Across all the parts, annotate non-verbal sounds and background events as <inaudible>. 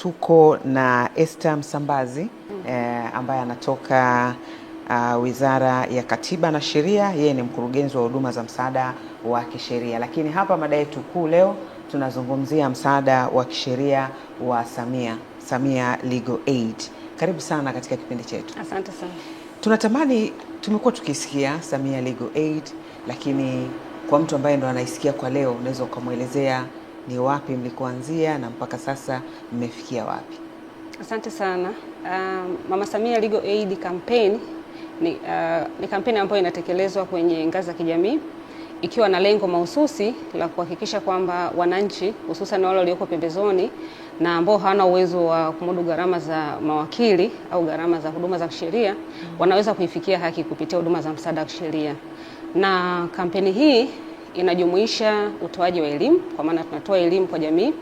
tuko na Esther Msambazi eh, ambaye anatoka uh, Wizara ya Katiba na Sheria. Yeye ni mkurugenzi wa huduma za msaada wa kisheria, lakini hapa mada yetu kuu leo tunazungumzia msaada wa kisheria wa Samia, Samia Legal Aid. Karibu sana katika kipindi chetu. Asante sana. Tunatamani, tumekuwa tukisikia Samia Legal Aid, lakini kwa mtu ambaye ndo anaisikia kwa leo, unaweza ukamwelezea ni wapi mlikuanzia na mpaka sasa mmefikia wapi? Asante sana. Uh, Mama Samia Legal Aid campaign ni, uh, ni kampeni ambayo inatekelezwa kwenye ngazi za kijamii ikiwa na lengo mahususi la kuhakikisha kwamba wananchi hususan wale walioko pembezoni na ambao hawana uwezo wa kumudu gharama za mawakili au gharama za huduma za kisheria mm. wanaweza kuifikia haki kupitia huduma za msaada wa kisheria. Na kampeni hii inajumuisha utoaji wa elimu, kwa maana tunatoa elimu kwa jamii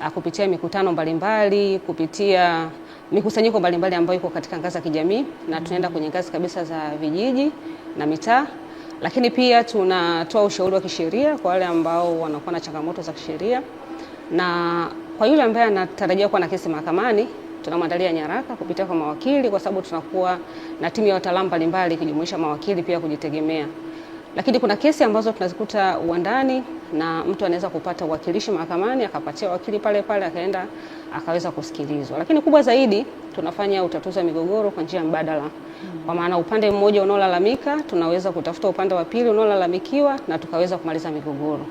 ah, kupitia mikutano mbalimbali, kupitia mikusanyiko mbalimbali ambayo iko katika ngazi ya kijamii, na tunaenda kwenye ngazi kabisa za vijiji na mitaa. Lakini pia tunatoa ushauri wa kisheria kwa wale ambao wanakuwa na changamoto za kisheria, na kwa yule ambaye anatarajia kuwa na kesi mahakamani tunamwandalia nyaraka kupitia kwa mawakili, kwa sababu tunakuwa na timu ya wataalamu mbalimbali ikijumuisha mawakili pia kujitegemea. Lakini kuna kesi ambazo tunazikuta uwandani na mtu anaweza kupata uwakilishi mahakamani akapatia wakili pale pale akaenda akaweza kusikilizwa. Lakini kubwa zaidi tunafanya utatuzi wa migogoro kwa njia mbadala, hmm. kwa maana upande mmoja unaolalamika tunaweza kutafuta upande wa pili unaolalamikiwa na tukaweza kumaliza migogoro.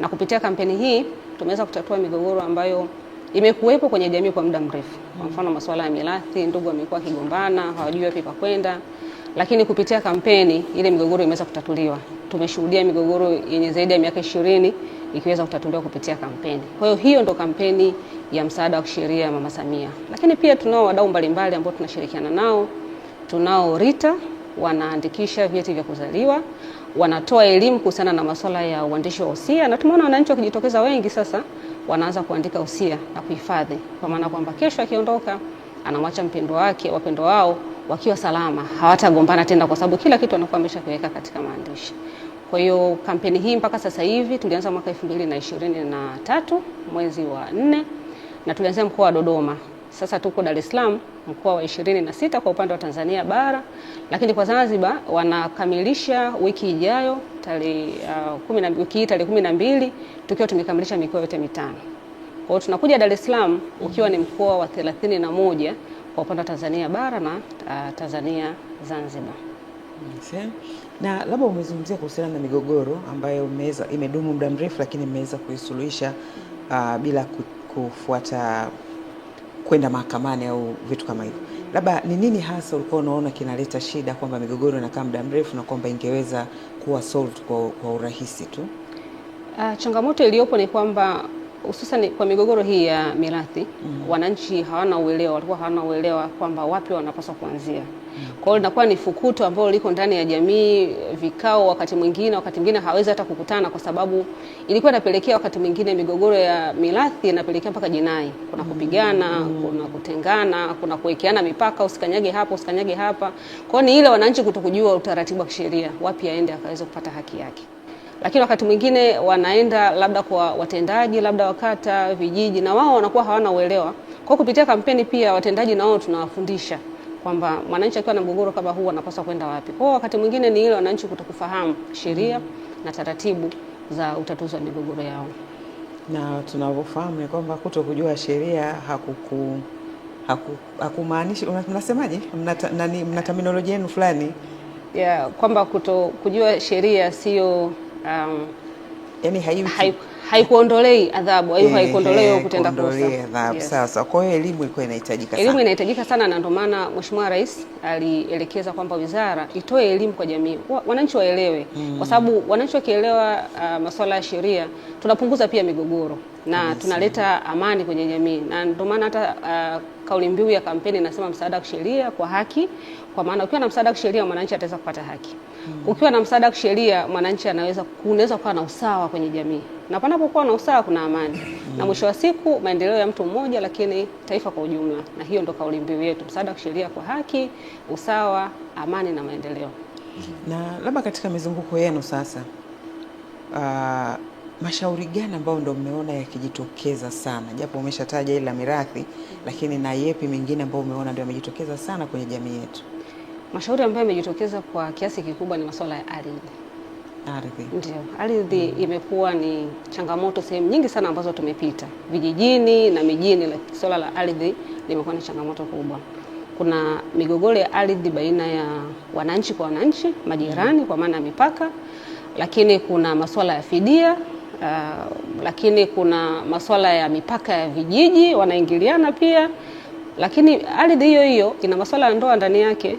Na kupitia kampeni hii tumeweza kutatua migogoro ambayo imekuwepo kwenye jamii kwa muda mrefu. Kwa hmm. mfano masuala ya mirathi, ndugu wamekuwa wakigombana, hawajui wapi pa kwenda lakini kupitia kampeni ile migogoro imeweza kutatuliwa. Tumeshuhudia migogoro yenye zaidi ya miaka ishirini ikiweza kutatuliwa kupitia kampeni. Kwa hiyo hiyo ndo kampeni ya msaada wa kisheria ya Mama Samia, lakini pia tunao wadau mbalimbali ambao tunashirikiana nao. Tunao RITA wanaandikisha vyeti vya kuzaliwa, wanatoa elimu kuhusiana na masuala ya uandishi wa usia, na tumeona wananchi wakijitokeza wengi sasa wanaanza kuandika usia na kuhifadhi, kwa maana kwamba kesho akiondoka anamwacha mpendwa wake wapendwa wao wakiwa salama hawatagombana tena, kwa sababu kila kitu anakuwa ameshakiweka katika maandishi. Kwa hiyo kampeni hii mpaka sasa hivi tulianza mwaka 2023 mwezi wa nne, na tulianzia mkoa wa Dodoma. Sasa tuko Dar es Salaam mkoa wa 26 kwa upande wa Tanzania bara, lakini kwa Zanzibar wanakamilisha wiki ijayo tarehe uh, wiki hii tarehe 12 tukiwa tumekamilisha mikoa yote mitano. Kwa hiyo tunakuja Dar es Salaam ukiwa ni mkoa wa 31 kwa upande wa Tanzania bara na uh, Tanzania Zanzibar. Na labda umezungumzia kuhusiana na migogoro ambayo umeza, imedumu muda mrefu, lakini imeweza kuisuluhisha uh, bila kufuata kwenda mahakamani au vitu kama hivyo. Labda ni nini hasa ulikuwa unaona kinaleta shida kwamba migogoro inakaa muda mrefu na kwamba ingeweza kuwa solved kwa, kwa urahisi tu? Uh, changamoto iliyopo ni kwamba hususan kwa migogoro hii ya mirathi mm. wananchi hawana uelewa, walikuwa hawana uelewa kwamba wapi wanapaswa kuanzia mm. kwa hiyo linakuwa ni fukuto ambalo liko ndani ya jamii, vikao wakati mwingine, wakati mwingine hawezi hata kukutana, kwa sababu ilikuwa inapelekea wakati mwingine migogoro ya mirathi inapelekea mpaka jinai, kuna mm. kupigana mm. kuna kutengana, kuna kuwekeana mipaka, usikanyage hapa, usikanyage hapa. Kwa hiyo ni ile wananchi kutokujua utaratibu wa kisheria, wapi aende akaweza kupata haki yake lakini wakati mwingine wanaenda labda kwa watendaji labda wakata vijiji, na wao wanakuwa hawana uelewa. Kwa kupitia kampeni pia watendaji na wao tunawafundisha kwamba mwananchi akiwa na mgogoro kama huu anapaswa kwenda wapi. Kwa wakati mwingine ni ile wananchi kutokufahamu sheria na taratibu za utatuzi wa migogoro yao, na tunavyofahamu ni kwamba kuto kujua sheria hakuku hakumaanishi haku, mnasemaje, mna terminolojia yenu fulani ya yeah, kwamba kuto kujua sheria sio um, yani haikuondolei adhabu hiyo, haikuondolei kutenda kosa. Sawa Sasa Kwa hiyo elimu ilikuwa inahitajika sana, elimu inahitajika sana, na ndio maana Mheshimiwa Rais alielekeza kwamba wizara itoe elimu kwa jamii, wananchi waelewe hmm. kwa sababu wananchi wakielewa uh, masuala ya sheria tunapunguza pia migogoro na yes, tunaleta amani kwenye jamii, na ndio maana hata uh, kauli mbiu ya kampeni inasema msaada wa kisheria kwa haki kwa maana ukiwa na msaada wa kisheria mwananchi ataweza kupata haki. Hmm. Ukiwa na msaada wa kisheria mwananchi anaweza unaweza kuwa na usawa kwenye jamii, na panapokuwa na usawa kuna amani. Hmm. Na mwisho wa siku maendeleo ya mtu mmoja, lakini taifa kwa ujumla, na hiyo ndo kauli mbiu yetu: msaada wa kisheria kwa haki, usawa, amani na maendeleo. Na labda katika mizunguko yenu sasa, uh, mashauri gani ambayo ndo mmeona yakijitokeza sana, japo umeshataja ile la mirathi, lakini na yepi mengine ambayo umeona ndio yamejitokeza sana kwenye jamii yetu? Mashauri ambayo yamejitokeza kwa kiasi kikubwa ni masuala ya ardhi. Ardhi ndio, ardhi mm. imekuwa ni changamoto sehemu nyingi sana ambazo tumepita vijijini na mijini, lakini swala la ardhi limekuwa ni changamoto kubwa. Kuna migogoro ya ardhi baina ya wananchi kwa wananchi, majirani mm. kwa maana ya mipaka, lakini kuna masuala ya fidia uh, lakini kuna masuala ya mipaka ya vijiji wanaingiliana pia lakini ardhi hiyo hiyo ina masuala ya ndoa ndani yake.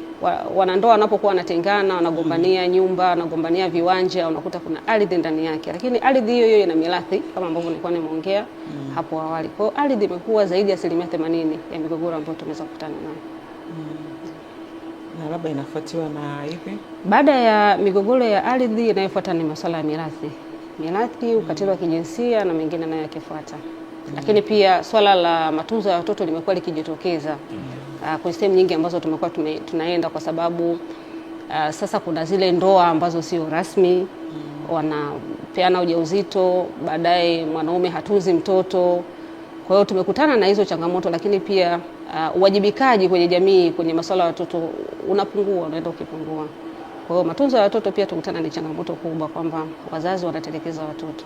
Wanandoa wanapokuwa wanatengana, wanagombania nyumba, wanagombania viwanja, unakuta kuna ardhi ndani yake. Lakini ardhi hiyo hiyo ina mirathi kama ambavyo nilikuwa nimeongea mm. hapo awali. Kwa hiyo ardhi imekuwa zaidi ya asilimia themanini ya migogoro ambayo tumeweza kukutana nayo mm. na labda inafuatiwa na ipi? Baada ya migogoro ya ardhi, inayofuata ni masuala ya mirathi, mirathi, ukatili wa mm. kijinsia na mengine nayo yakifuata lakini pia swala la matunzo ya watoto limekuwa likijitokeza mm. uh, kwenye sehemu nyingi ambazo tumekuwa tunaenda, kwa sababu uh, sasa kuna zile ndoa ambazo sio rasmi, mm. wanapeana ujauzito, baadaye mwanaume hatunzi mtoto. Kwa hiyo tumekutana na hizo changamoto, lakini pia uh, uwajibikaji kwenye jamii kwenye masuala ya watoto unapungua, unaenda ukipungua. Kwa hiyo matunzo ya watoto pia tukutana ni changamoto kubwa, kwamba wazazi wanatelekeza watoto.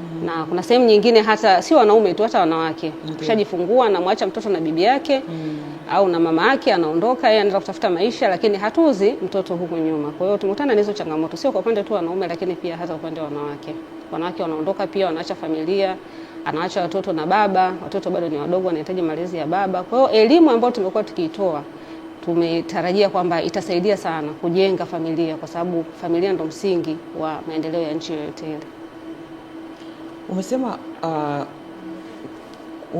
Mm-hmm. na kuna sehemu nyingine hata si wanaume tu, hata wanawake ushajifungua okay. namwacha mtoto na bibi yake mm. au na mama yake, anaondoka yeye anaenda kutafuta maisha, lakini hatuzi mtoto huko nyuma. Kwa hiyo tumekutana na hizo changamoto, sio kwa upande tu wanaume, lakini pia hata upande wa wanawake. Wanawake wanaondoka pia, wanaacha familia anaacha watoto na baba. Watoto bado ni wadogo, wanahitaji malezi ya baba. Kwa hiyo elimu ambayo tumekuwa tukiitoa tumetarajia kwamba itasaidia sana kujenga familia, kwa sababu familia ndo msingi wa maendeleo ya nchi yoyote ile. Umesema uh,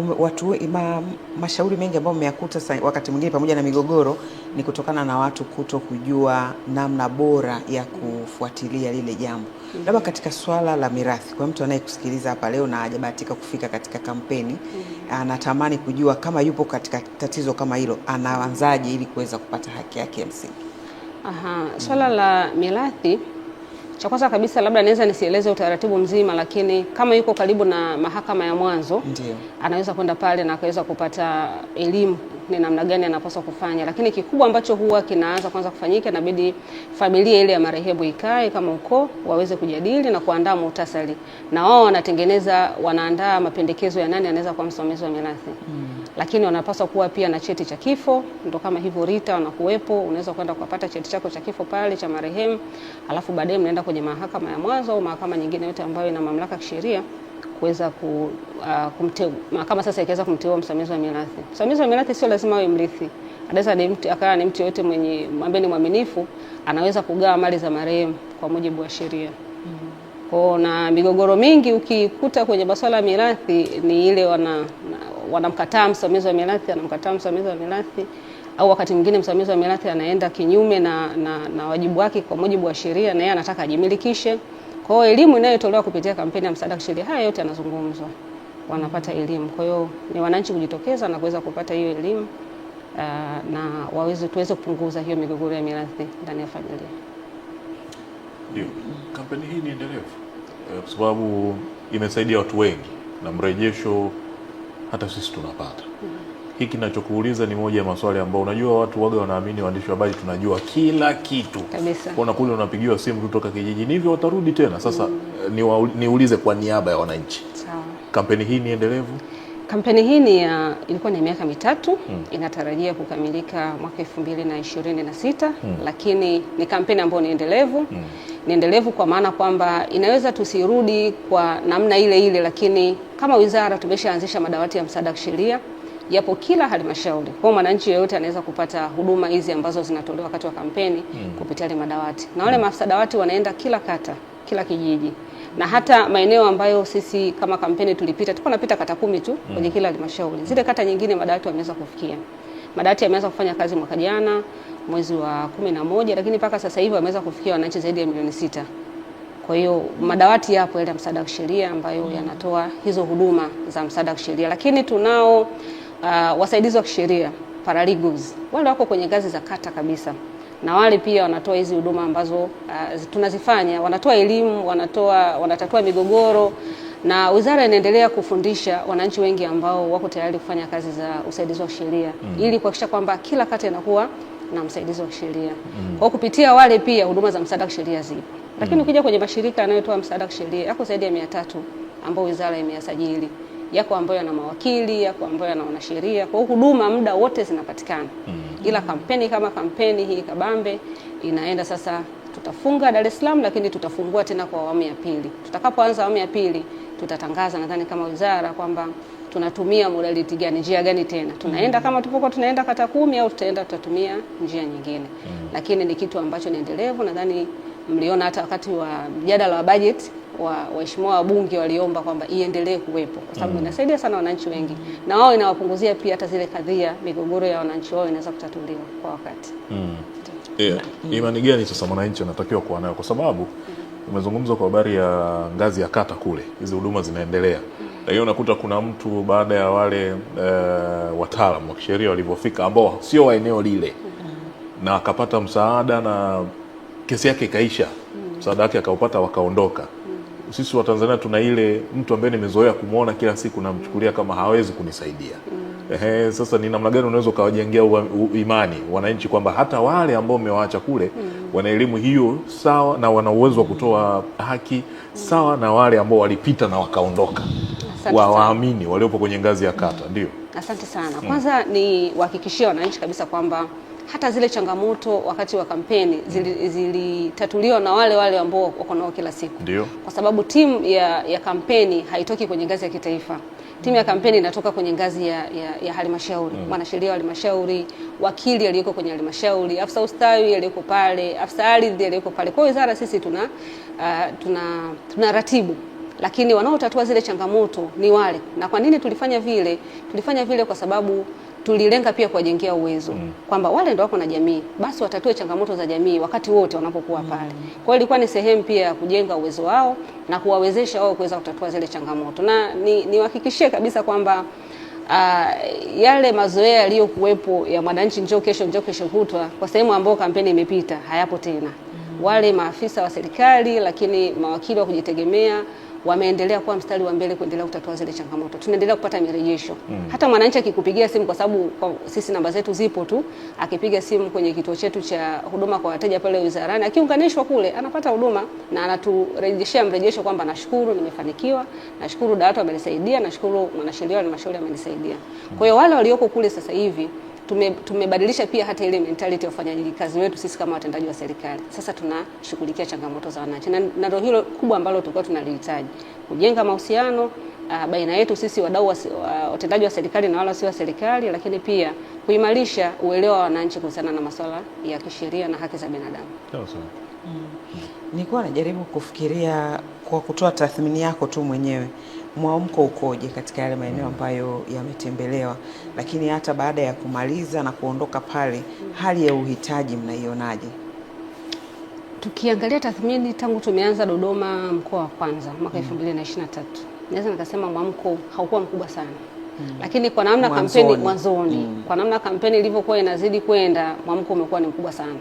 um, watu ma, mashauri mengi ambayo mmeyakuta wakati mwingine pamoja na migogoro ni kutokana na watu kuto kujua namna bora ya kufuatilia lile jambo. Mm. Labda mm -hmm. katika swala la mirathi, kwa mtu anayekusikiliza hapa leo na hajabahatika kufika katika kampeni mm -hmm. anatamani kujua kama yupo katika tatizo kama hilo, anaanzaje ili kuweza kupata haki yake ya msingi? Aha, swala mm -hmm. la mirathi cha kwanza kabisa labda naweza nisieleze utaratibu mzima, lakini kama yuko karibu na mahakama ya mwanzo Ndiyo. anaweza kwenda pale na akaweza kupata elimu ni namna gani anapaswa kufanya, lakini kikubwa ambacho huwa kinaanza kwanza kufanyika, inabidi familia ile ya marehemu ikae kama ukoo, waweze kujadili na kuandaa muhtasari, na wao wanatengeneza, wanaandaa mapendekezo ya nani anaweza kuwa msimamizi wa mirathi hmm lakini wanapaswa kuwa pia na cheti cha kifo. Ndo kama hivyo RITA wanakuwepo, unaweza kwenda kupata cheti chako cha kifo pale cha marehemu, alafu baadaye mnaenda kwenye mahakama ya mwanzo au mahakama nyingine yote ambayo ina mamlaka kisheria kuweza ku, uh, kumteua mahakama sasa ikaweza kumteua msimamizi wa mirathi. Msimamizi wa mirathi sio lazima awe mrithi, anaweza ni mtu akawa ni mtu yote mwenye ambaye ni mwaminifu, anaweza kugawa mali za marehemu kwa mujibu wa sheria mm-hmm. Kwa na migogoro mingi ukikuta kwenye masuala ya mirathi ni ile wana wanamkataa msimamizi wa mirathi, anamkataa msimamizi wa mirathi, au wakati mwingine msimamizi wa mirathi anaenda kinyume na, na, na wajibu wake kwa mujibu wa sheria na yeye anataka ajimilikishe. Kwa hiyo elimu inayotolewa kupitia kampeni ya msaada kisheria, haya yote yanazungumzwa, wanapata elimu. Kwa hiyo ni wananchi kujitokeza na kuweza kupata hiyo elimu uh, na waweze tuweze kupunguza hiyo migogoro ya mirathi ndani ya familia. Ndio, kampeni hii ni endelevu eh, kwa sababu imesaidia watu wengi na mrejesho hata sisi tunapata hiki ninachokuuliza ni moja ya maswali ambayo unajua watu waga wanaamini waandishi wa habari tunajua kila kitu Kuna kule unapigiwa simu kutoka kijijini hivyo, watarudi tena sasa. Mm. Eh, Niwa, niulize kwa niaba ya wananchi, sawa. Kampeni hii ni endelevu. Kampeni hii ni ya ah, ilikuwa ni miaka mitatu. Mm. Inatarajia kukamilika mwaka 2026 Mm. Lakini ni kampeni ambayo ni endelevu. Mm. Ni endelevu kwa maana kwamba inaweza tusirudi kwa namna ile ile, lakini kama wizara tumeshaanzisha madawati ya msaada wa kisheria yapo kila halmashauri, kwa mwananchi yeyote anaweza kupata huduma hizi ambazo zinatolewa wakati wa kampeni mm. kupitia ile madawati na wale maafisa dawati wanaenda kila kata, kila kijiji na hata maeneo ambayo sisi kama kampeni tulipita, tulikuwa napita kata kumi tu mm. kwenye kila halmashauri. Zile kata nyingine madawati wameweza kufikia. Madawati yameanza kufanya kazi mwaka jana mwezi wa kumi na moja, lakini mpaka sasa hivi wameweza kufikia wananchi zaidi ya milioni sita. Kwa hiyo madawati yapo yale ya msaada wa kisheria ambayo mm. yanatoa hizo huduma za msaada wa kisheria, lakini tunao uh, wasaidizi wa kisheria paralegals, wale wako kwenye ngazi za kata kabisa, na wale pia wanatoa hizi huduma ambazo uh, tunazifanya. Wanatoa elimu, wanatoa wanatatua migogoro, na wizara inaendelea kufundisha wananchi wengi ambao wako tayari kufanya kazi za usaidizi wa kisheria mm. ili kuhakikisha kwamba kila kata inakuwa na msaidizi wa kisheria mm. kwa kupitia wale pia huduma za msaada wa kisheria zipo. Lakini ukija kwenye mashirika yanayotoa msaada wa kisheria yako zaidi ya mia tatu ambayo wizara imeyasajili, yako ambayo yana mawakili, yako ambayo yana wanasheria. Kwa hiyo huduma muda wote zinapatikana, mm. ila kampeni kama kampeni hii kabambe inaenda sasa tutafunga Dar es Salaam lakini tutafungua tena kwa awamu ya pili. Tutakapoanza awamu ya pili, tutatangaza nadhani kama wizara kwamba tunatumia modality gani, njia gani tena tunaenda, mm. kama tupoko tunaenda kata kumi au tutaenda tutatumia njia nyingine, mm lakini ni kitu ambacho ni endelevu nadhani mliona hata wakati wa mjadala wa budget wa waheshimiwa wabunge waliomba kwamba iendelee kuwepo kwa sababu mm. inasaidia sana wananchi wengi na wao inawapunguzia pia hata zile kadhia, migogoro ya wananchi wao inaweza kutatuliwa kwa wakati mm. yeah. mm. Imani gani sasa mwananchi anatakiwa kuwa nayo? Kwa sababu umezungumza kwa habari ya ngazi ya kata kule, hizi huduma zinaendelea mm. lakini unakuta kuna mtu baada ya wale e, eh, wataalam wa kisheria walivyofika ambao sio wa eneo lile mm. na akapata msaada na kesi yake ikaisha, msaada wake akaupata, wakaondoka. Sisi Watanzania tuna ile mtu ambaye nimezoea kumwona kila siku, namchukulia kama hawezi kunisaidia. Ehe, sasa ni namna gani unaweza ukawajengea imani wananchi kwamba hata wale ambao umewaacha kule wana elimu hiyo sawa na wana uwezo wa kutoa haki sawa na wale ambao walipita na wakaondoka, wawaamini waliopo kwenye ngazi ya kata. Ndio, asante sana. Mm. Kwanza ni wahakikishie wananchi kabisa kwamba hata zile changamoto wakati wa kampeni zilitatuliwa zili na wale wale ambao wako nao kila siku. Ndio. Kwa sababu timu ya, ya kampeni haitoki kwenye ngazi ya kitaifa. Timu ya kampeni inatoka kwenye ngazi ya, ya, ya halmashauri mm. Mwanasheria wa halmashauri, wakili aliyoko kwenye halmashauri, afisa ustawi aliyoko pale, afisa ardhi aliyoko pale. Kwa hiyo wizara sisi tuna, uh, tuna, tuna ratibu lakini wanaotatua zile changamoto ni wale. Na kwa nini tulifanya vile? Tulifanya vile kwa sababu tulilenga pia kuwajengea uwezo mm. kwamba wale ndio wako na jamii, basi watatue changamoto za jamii wakati wote wanapokuwa mm. pale mm. kwa hiyo ilikuwa ni sehemu pia ya kujenga uwezo wao na kuwawezesha wao kuweza kutatua zile changamoto, na niwahakikishie ni kabisa kwamba Uh, yale mazoea yaliyokuwepo ya mwananchi njoo kesho, njoo kesho kutwa, kwa sehemu ambayo kampeni imepita hayapo tena. Mm. Wale maafisa wa serikali, lakini mawakili wa kujitegemea wameendelea kuwa mstari wa mbele kuendelea kutatua zile changamoto. Tunaendelea kupata mirejesho mm. hata mwananchi akikupigia simu, kwa sababu sisi namba zetu zipo tu, akipiga simu kwenye kituo chetu cha huduma kwa wateja pale wizarani, akiunganishwa kule anapata huduma na anaturejeshea mrejesho kwamba nashukuru, nimefanikiwa, nashukuru DAWATA amenisaidia, nashukuru mwanasheria wa halmashauri amenisaidia. Kwa hiyo wale walioko kule sasa hivi tume, tumebadilisha pia hata ile mentality ya ufanyaji kazi wetu sisi kama watendaji wa serikali. Sasa tunashughulikia changamoto za wananchi, na ndio hilo kubwa ambalo tulikuwa tunalihitaji, kujenga mahusiano ah, baina yetu sisi wadau watendaji wa serikali na wala si wa serikali, lakini pia kuimarisha uelewa wa wananchi kuhusiana na masuala ya kisheria na haki za binadamu. Mm. Nilikuwa najaribu kufikiria kwa kutoa tathmini yako tu mwenyewe mwamko ukoje katika yale maeneo ambayo yametembelewa, lakini hata baada ya kumaliza na kuondoka pale, hali ya uhitaji mnaionaje? Tukiangalia tathmini tangu tumeanza Dodoma mkoa wa kwanza mwaka 2023 mm. naweza nikasema mwamko haukuwa mkubwa sana mm. lakini kwa namna kampeni mwanzoni mm. kwa namna kampeni ilivyokuwa inazidi kwenda, mwamko umekuwa ni mkubwa sana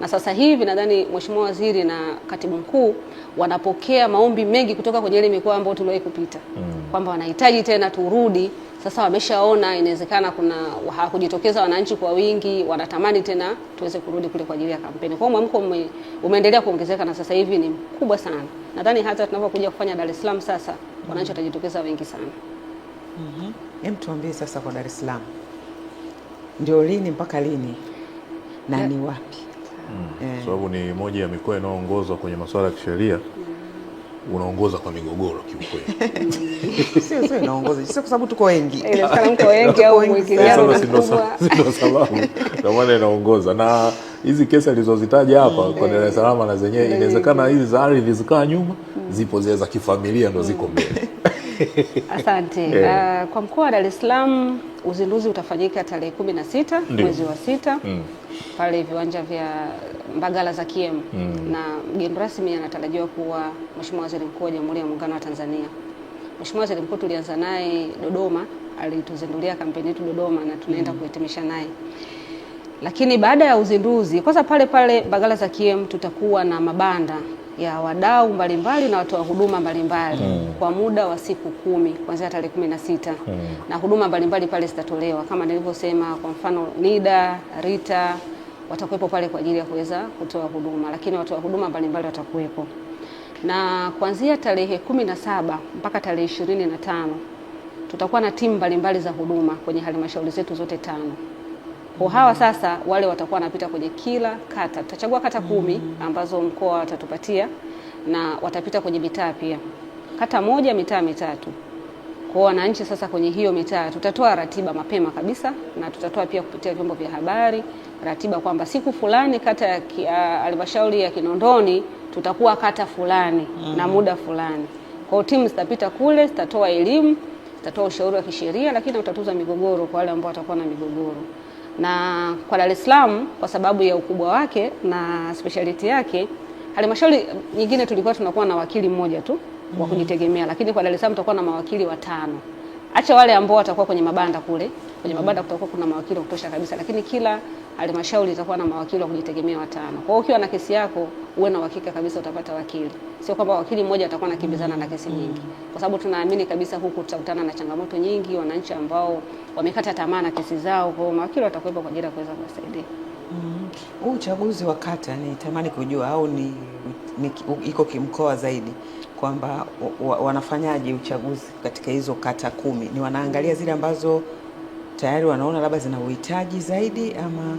na sasa hivi nadhani Mheshimiwa Waziri na Katibu Mkuu wanapokea maombi mengi kutoka kwenye ile mikoa ambayo tuliwahi kupita mm. kwamba wanahitaji tena turudi. Sasa wameshaona inawezekana kuna hawakujitokeza wananchi kwa wingi, wanatamani tena tuweze kurudi kule kwa ajili ya kampeni. Kwa hiyo mwamko ume, umeendelea kuongezeka na sasa hivi ni mkubwa sana. Nadhani hata tunapokuja kufanya Dar es Salaam sasa mm. wananchi watajitokeza wengi sana. Mhm. Hem, tuambie sasa kwa Dar es Salaam. Ndio lini mpaka lini? Na ni wapi? mm. sababu eh. sababu ni moja ya mikoa inayoongozwa kwenye masuala ya kisheria unaongoza kwa migogoro kiukweli. <laughs> Sio sio inaongoza, sio kwa sababu tuko wengi, mko eh, wengi au ndio sababu ndio maana inaongoza. Na hizi kesi alizozitaja hapa kwa Dar es Salaam na zenyewe mm. inawezekana hizi za ardhi zikaa nyuma, mm. zipo zile za kifamilia ndo ziko mbele. Asante. Uh, <laughs> kwa mkoa wa Dar es Salaam uzinduzi utafanyika tarehe kumi na sita mwezi wa sita mm. pale viwanja vya Mbagala za KM mm. na mgeni rasmi anatarajiwa kuwa Mheshimiwa Waziri Mkuu wa Jamhuri ya Muungano wa Tanzania. Mheshimiwa Waziri Mkuu tulianza naye Dodoma, alituzindulia kampeni yetu Dodoma na tunaenda mm. kuhitimisha naye lakini baada ya uzinduzi kwanza, pale pale Mbagala za KM tutakuwa na mabanda ya wadau mbalimbali na watoa huduma mbalimbali mm. kwa muda wa siku kumi kuanzia tarehe kumi na sita mm. na huduma mbalimbali pale zitatolewa kama nilivyosema, kwa mfano NIDA, RITA watakuwepo pale kwa ajili ya kuweza kutoa huduma, lakini watoa huduma mbalimbali watakuwepo, na kuanzia tarehe kumi na saba mpaka tarehe ishirini na tano tutakuwa na timu mbalimbali za huduma kwenye halmashauri zetu zote tano. Kwa hawa sasa wale watakuwa wanapita kwenye kila kata, tutachagua kata kumi ambazo mkoa watatupatia na watapita kwenye mitaa pia, kata moja mitaa mitatu. Kwa wananchi sasa, kwenye hiyo mitaa tutatoa ratiba mapema kabisa, na tutatoa pia kupitia vyombo vya habari ratiba kwamba siku fulani kata ya halmashauri ya Kinondoni tutakuwa kata fulani mm. na muda fulani. Kwa hiyo timu zitapita kule, zitatoa elimu, zitatoa ushauri wa kisheria, lakini utatuza migogoro kwa wale ambao watakuwa na migogoro na kwa Dar es Salaam kwa sababu ya ukubwa wake na speciality yake, halmashauri nyingine tulikuwa tunakuwa na wakili mmoja tu wa mm-hmm. kujitegemea, lakini kwa Dar es Salaam tutakuwa na mawakili watano. Acha wale ambao watakuwa kwenye mabanda kule, kwenye mm-hmm. mabanda kutakuwa kuna mawakili wa kutosha kabisa, lakini kila halmashauri itakuwa na mawakili wa kujitegemea watano. Kwa hiyo ukiwa na kesi yako uwe na uhakika kabisa utapata wakili, sio kwamba wakili mmoja atakuwa nakimbizana na kesi nyingi, kwa sababu tunaamini kabisa huku tutakutana na changamoto nyingi, wananchi ambao wamekata tamaa na kesi zao. Kwa hiyo mawakili watakuwepo kwa ajili ya kuweza kuwasaidia. Mm-hmm. Huu uchaguzi wa kata nitamani kujua au ni, ni iko kimkoa zaidi kwamba wanafanyaje uchaguzi katika hizo kata kumi? Ni wanaangalia zile ambazo tayari wanaona labda zina uhitaji zaidi ama?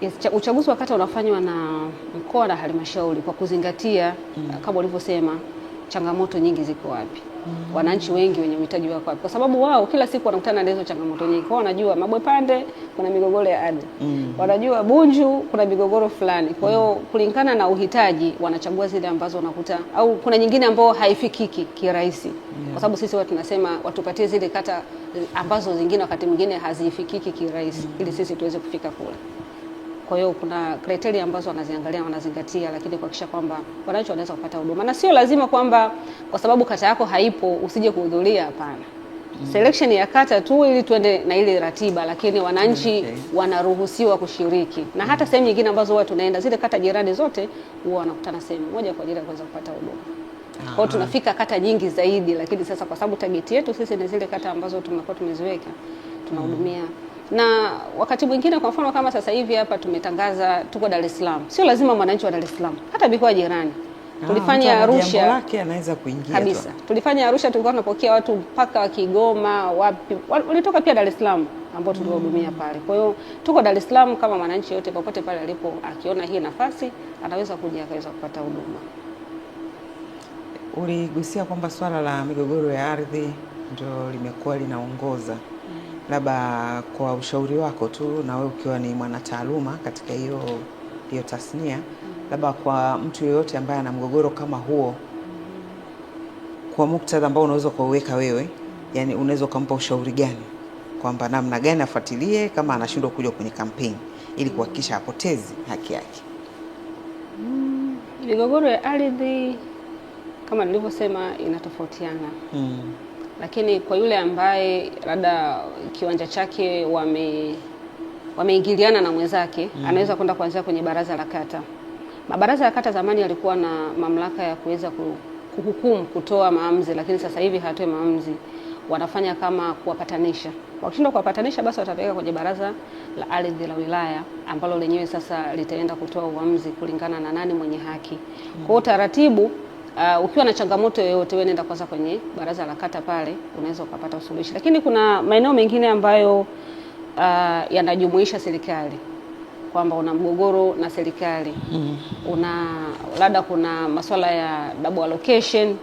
Yes, uchaguzi wa kata unafanywa na mkoa na halmashauri kwa kuzingatia mm. kama ulivyosema changamoto nyingi ziko wapi? Mm -hmm. Wananchi wengi wenye uhitaji wako wapi? Kwa sababu wao kila siku wanakutana na hizo changamoto nyingi. Kwa wanajua Mabwepande kuna migogoro ya ardhi. Mm -hmm. Wanajua Bunju kuna migogoro fulani. Kwa hiyo mm. kulingana na uhitaji wanachagua zile ambazo wanakuta au kuna nyingine ambayo haifikiki kirahisi. Yeah. Kwa sababu sisi watu tunasema watupatie zile kata eh, ambazo zingine wakati mwingine hazifikiki kirahisi. Mm -hmm. Ili sisi tuweze kufika kule. Kwa hiyo kuna kriteria ambazo wanaziangalia wanazingatia, lakini kuhakikisha kwamba wananchi wanaweza kupata huduma, na sio lazima kwamba kwa sababu kata yako haipo usije kuhudhuria. Hapana, mm. selection ya kata tu ili tuende na ile ratiba, lakini wananchi mm, okay, wanaruhusiwa kushiriki na hata mm. sehemu nyingine ambazo huwa tunaenda zile kata jirani zote huwa wanakutana sehemu moja kwa ajili ya kuweza kupata huduma. Kwa ah. tunafika kata nyingi zaidi, lakini sasa kwa sababu tageti yetu sisi ni zile kata ambazo tumekuwa tumeziweka tunahudumia na wakati mwingine, kwa mfano kama sasa hivi hapa tumetangaza tuko Dar es Salaam, sio lazima mwananchi wa Dar es Salaam, hata mikoa jirani ah, tulifanya ah, Arusha lake anaweza kuingia kabisa. Tulifanya Arusha, tulikuwa tunapokea watu mpaka wa Kigoma, wapi walitoka pia Dar es Salaam ambao tuliwahudumia mm. pale. Kwa hiyo tuko Dar es Salaam, kama mwananchi yote popote pale alipo akiona hii nafasi anaweza kuja akaweza kupata huduma. Uligusia kwamba swala la migogoro ya ardhi ndio limekuwa linaongoza labda kwa ushauri wako tu, na wewe ukiwa ni mwanataaluma katika hiyo hiyo tasnia, labda kwa mtu yeyote ambaye ana mgogoro kama huo, kwa muktadha ambao unaweza ukauweka wewe, yani unaweza ukampa ushauri gani kwamba namna gani afuatilie kama anashindwa kuja kwenye kampeni ili kuhakikisha apotezi haki yake? Mm, migogoro mm, ya ardhi kama nilivyosema inatofautiana mm lakini kwa yule ambaye labda kiwanja chake wame wameingiliana na mwenzake mm. anaweza kwenda kuanzia kwenye baraza la kata. Mabaraza ya kata zamani yalikuwa na mamlaka ya kuweza kuhukumu, kutoa maamuzi, lakini sasa hivi hatoe maamuzi, wanafanya kama kuwapatanisha. Wakishindwa kuwapatanisha, basi watapeleka kwenye baraza la ardhi la wilaya, ambalo lenyewe sasa litaenda kutoa uamuzi kulingana na nani mwenye haki. Kwa mm. taratibu Uh, ukiwa na changamoto yoyote wewe nenda kwanza kwenye baraza la kata, pale unaweza ukapata usuluhishi. Lakini kuna maeneo mengine ambayo uh, yanajumuisha serikali kwamba una mgogoro na serikali mm. una labda kuna masuala ya double allocation,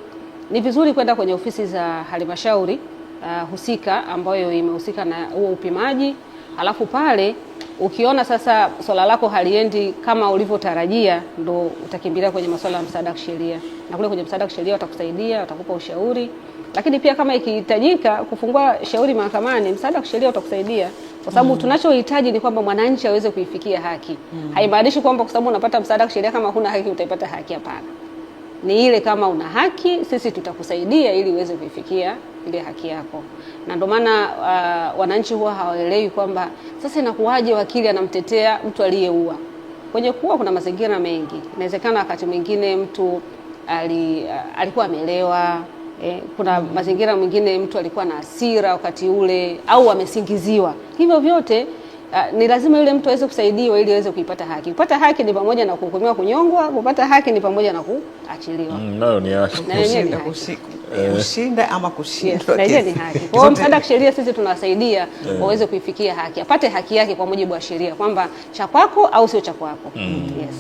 ni vizuri kwenda kwenye ofisi za halmashauri uh, husika ambayo imehusika na huo upimaji, alafu pale Ukiona sasa swala lako haliendi kama ulivyotarajia, ndo utakimbilia kwenye masuala ya msaada wa kisheria, na kule kwenye msaada wa kisheria watakusaidia, watakupa ushauri, lakini pia kama ikihitajika kufungua shauri mahakamani, msaada wa kisheria utakusaidia kwa sababu mm. Tunachohitaji ni kwamba mwananchi aweze kuifikia haki mm. Haimaanishi kwamba kwa sababu unapata msaada wa kisheria kama huna haki utaipata haki, hapana ni ile kama una haki, sisi tutakusaidia ili uweze kuifikia ile haki yako. Na ndio maana uh, wananchi huwa hawaelewi kwamba sasa inakuwaje wakili anamtetea mtu aliyeua. Kwenye kuwa kuna mazingira mengi, inawezekana wakati mwingine mtu ali, uh, alikuwa amelewa eh, kuna mm. mazingira mwingine mtu alikuwa na hasira wakati ule au amesingiziwa, hivyo vyote Uh, ni lazima yule mtu aweze kusaidiwa ili aweze kuipata haki. Kupata haki ni pamoja na kuhukumiwa kunyongwa, kupata haki ni pamoja na kuachiliwa. Mm, nayo ni haki. Eh. Kushinda ama kushindwa. Nayo ni haki. Kwa hiyo msaada wa kisheria sisi tunawasaidia eh. waweze kuifikia haki. Apate haki yake kwa mujibu wa sheria kwamba cha kwako au sio cha kwako. Mm. Yes.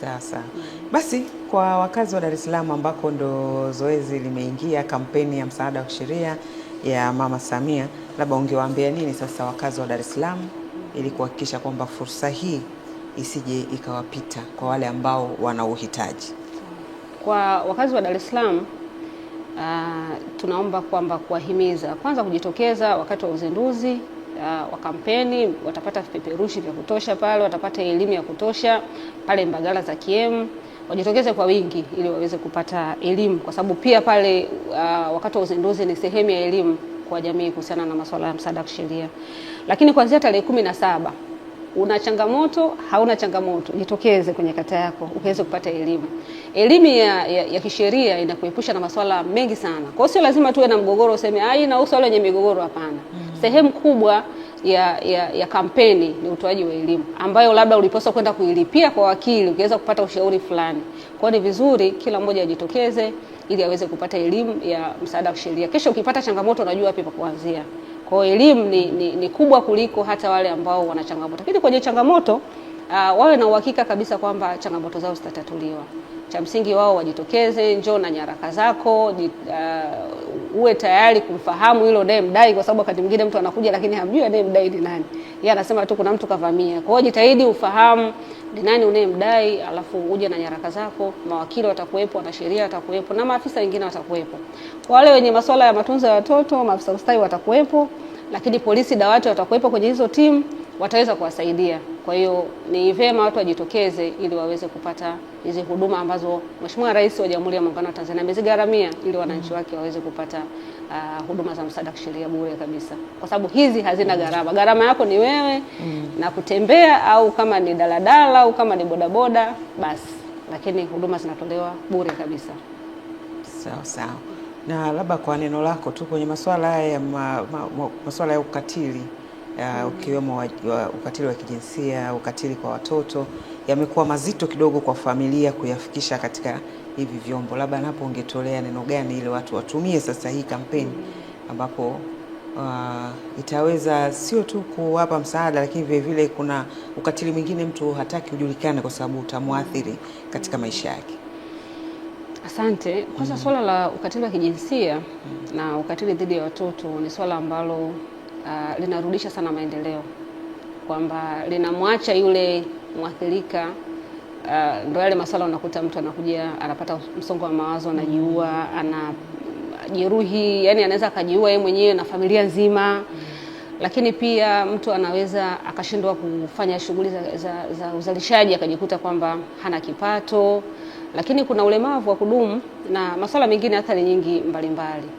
Sasa basi, kwa wakazi wa Dar es Salaam ambako ndo zoezi limeingia kampeni ya msaada wa kisheria ya Mama Samia, labda ungewaambia nini sasa wakazi wa Dar es Salaam? ili kuhakikisha kwamba fursa hii isije ikawapita kwa wale ambao wana uhitaji. Kwa wakazi wa Dar es Salaam uh, tunaomba kwamba kuwahimiza kwanza kujitokeza wakati wa uzinduzi uh, wa kampeni. Watapata vipeperushi vya kutosha pale, watapata elimu ya kutosha pale Mbagala za kiemu wajitokeze kwa wingi ili waweze kupata elimu, kwa sababu pia pale uh, wakati wa uzinduzi ni sehemu ya elimu kwa jamii kuhusiana na masuala ya msaada wa kisheria. Lakini kuanzia tarehe kumi na saba una changamoto, hauna changamoto, jitokeze kwenye kata yako uweze kupata elimu. Elimu ya, ya, ya kisheria inakuepusha na masuala mengi sana. Kwa hiyo sio lazima tuwe na mgogoro useme ah, inahusu wale wenye migogoro. Hapana. mm -hmm. Sehemu kubwa ya, ya, ya kampeni ni utoaji wa elimu ambayo labda ulipaswa kwenda kuilipia kwa wakili ukiweza kupata ushauri fulani. Kwa ni vizuri kila mmoja ajitokeze ili aweze kupata elimu ya msaada wa kisheria. Kesho ukipata changamoto, unajua wapi pa kuanzia. Kwa elimu ni, ni, ni kubwa kuliko hata wale ambao wana changamoto, lakini kwenye changamoto uh, wawe na uhakika kabisa kwamba changamoto zao zitatatuliwa. Cha msingi wao wajitokeze, njoo na nyaraka zako, jit, uh, uwe tayari kumfahamu hilo naye mdai, kwa sababu wakati mwingine mtu anakuja lakini hamjui naye mdai ni nani, yeye anasema tu kuna mtu kavamia. Kwa hiyo jitahidi ufahamu ni nani unayemdai, alafu uje na nyaraka zako. Mawakili watakuwepo, wanasheria watakuwepo na maafisa wengine watakuwepo, wale wenye masuala ya matunzo ya watoto, maafisa ustawi watakuwepo, lakini polisi dawati watakuwepo kwenye hizo timu, wataweza kuwasaidia. Kwa hiyo ni vyema watu wajitokeze ili waweze kupata hizi huduma ambazo Mheshimiwa Rais wa Jamhuri ya Muungano wa Tanzania amezigharamia ili wananchi wake waweze kupata uh, huduma za msaada kisheria bure kabisa, kwa sababu hizi hazina mm. gharama. Gharama yako ni wewe mm. na kutembea au kama ni daladala au kama ni bodaboda basi, lakini huduma zinatolewa bure kabisa. Sawa sawa. Na labda kwa neno lako tu kwenye masuala ya ma, ma, ma, masuala ya ukatili Eh, ukiwemo wa, ukatili wa kijinsia, ukatili kwa watoto yamekuwa mazito kidogo kwa familia kuyafikisha katika hivi vyombo. Labda napo ungetolea neno gani ili watu watumie sasa hii kampeni ambapo uh, itaweza sio tu kuwapa msaada, lakini vile vile kuna ukatili mwingine mtu hataki ujulikane kwa sababu utamwathiri katika maisha yake. Asante. Kwanza mm -hmm. Swala la ukatili wa kijinsia mm -hmm. na ukatili dhidi ya watoto ni swala ambalo uh, linarudisha sana maendeleo, kwamba linamwacha yule mwathirika uh, ndo yale masuala unakuta mtu anakuja anapata msongo wa mawazo, anajiua, anajeruhi, yani anaweza akajiua yeye mwenyewe na familia nzima lakini pia mtu anaweza akashindwa kufanya shughuli za, za, za uzalishaji akajikuta kwamba hana kipato, lakini kuna ulemavu wa kudumu na masuala mengine, athari nyingi mbalimbali mbali.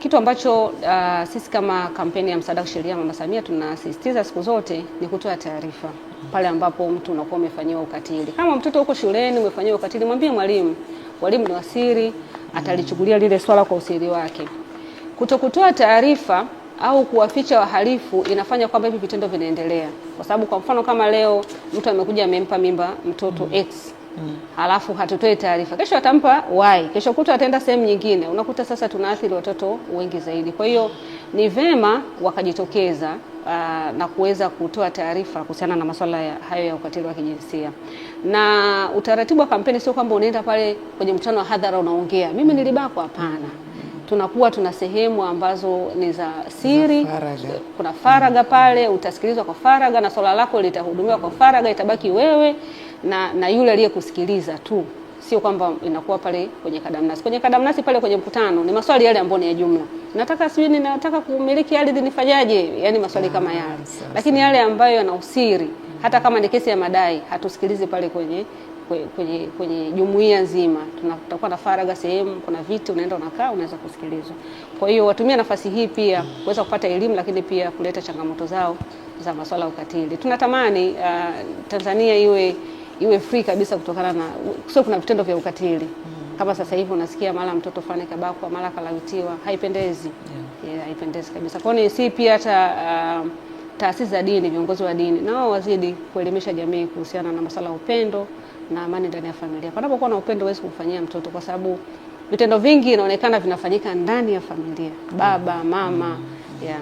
Kitu ambacho uh, sisi kama kampeni ya msaada wa kisheria Mama Samia tunasisitiza siku zote ni kutoa taarifa pale ambapo mtu unakuwa umefanyiwa ukatili. Kama mtoto huko shuleni umefanyiwa ukatili, mwambie mwalimu. Mwalimu ni wasiri, atalichukulia lile swala kwa usiri wake. Kutokutoa taarifa au kuwaficha wahalifu inafanya kwamba hivi vitendo vinaendelea, kwa sababu kwa mfano kama leo mtu amekuja amempa mimba mtoto X mm. Halafu hatutoe taarifa, kesho atampa wai, kesho kuta ataenda sehemu nyingine, unakuta sasa tunaathiri watoto wengi zaidi. Kwa hiyo ni vema wakajitokeza uh, na kuweza kutoa taarifa kuhusiana na masuala ya, hayo ya ukatili wa kijinsia. Na utaratibu wa kampeni sio kwamba unaenda pale kwenye mkutano wa hadhara unaongea mimi nilibakwa, hapana tunakuwa tuna sehemu ambazo ni za siri, kuna faraga pale, utasikilizwa kwa faraga na swala lako litahudumiwa kwa faraga, itabaki wewe na, na yule aliyekusikiliza tu, sio kwamba inakuwa pale kwenye kadamnasi. Kwenye kadamnasi pale kwenye mkutano ni maswali yale ambayo ni ya jumla, nataka sijui ninataka kumiliki ardhi nifanyaje, yani maswali ah, kama yale, lakini yale ambayo yana usiri, hata kama ni kesi ya madai, hatusikilizi pale kwenye kwenye kwenye jumuiya nzima, tutakuwa na faraga sehemu, kuna viti, unaenda unakaa, unaweza kusikilizwa. Kwa hiyo watumia nafasi hii pia kuweza kupata elimu, lakini pia kuleta changamoto zao za masuala ya ukatili. Tunatamani uh, Tanzania iwe iwe free kabisa kutokana na sio, kuna vitendo vya ukatili mm. kama sasa hivi unasikia mara mtoto fulani kabakwa, mara kalawitiwa, haipendezi yeah. Yeah, haipendezi kabisa. Kwa hiyo si pia hata uh, taasisi za dini, viongozi wa dini nao wazidi kuelimisha jamii kuhusiana na masuala ya upendo na amani ndani ya familia. Panapokuwa na upendo, huwezi kumfanyia mtoto, kwa sababu vitendo vingi inaonekana vinafanyika ndani ya familia, baba mama, mm. yeah.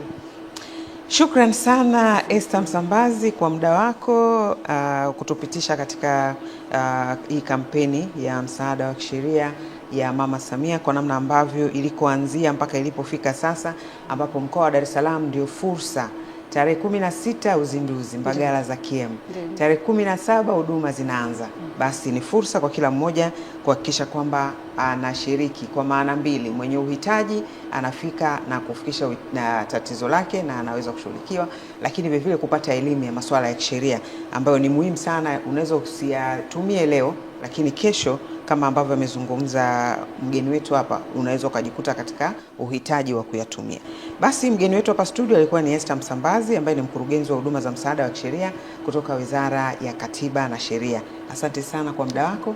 Shukran sana Esther Msambazi kwa muda wako uh, kutupitisha katika uh, hii kampeni ya msaada wa kisheria ya Mama Samia kwa namna ambavyo ilikoanzia mpaka ilipofika sasa ambapo mkoa wa Dar es Salaam ndio fursa tarehe kumi na sita uzinduzi Mbagala za KM, tarehe kumi na saba huduma zinaanza. Mm. Basi ni fursa kwa kila mmoja kuhakikisha kwamba anashiriki kwa maana mbili, mwenye uhitaji anafika na kufikisha na tatizo lake na anaweza kushughulikiwa, lakini vilevile kupata elimu ya masuala ya kisheria ambayo ni muhimu sana, unaweza usiyatumie leo lakini kesho kama ambavyo amezungumza mgeni wetu hapa, unaweza ukajikuta katika uhitaji wa kuyatumia. Basi mgeni wetu hapa studio alikuwa ni Esther Msambazi ambaye ni mkurugenzi wa huduma za msaada wa kisheria kutoka Wizara ya Katiba na Sheria. Asante sana kwa muda wako.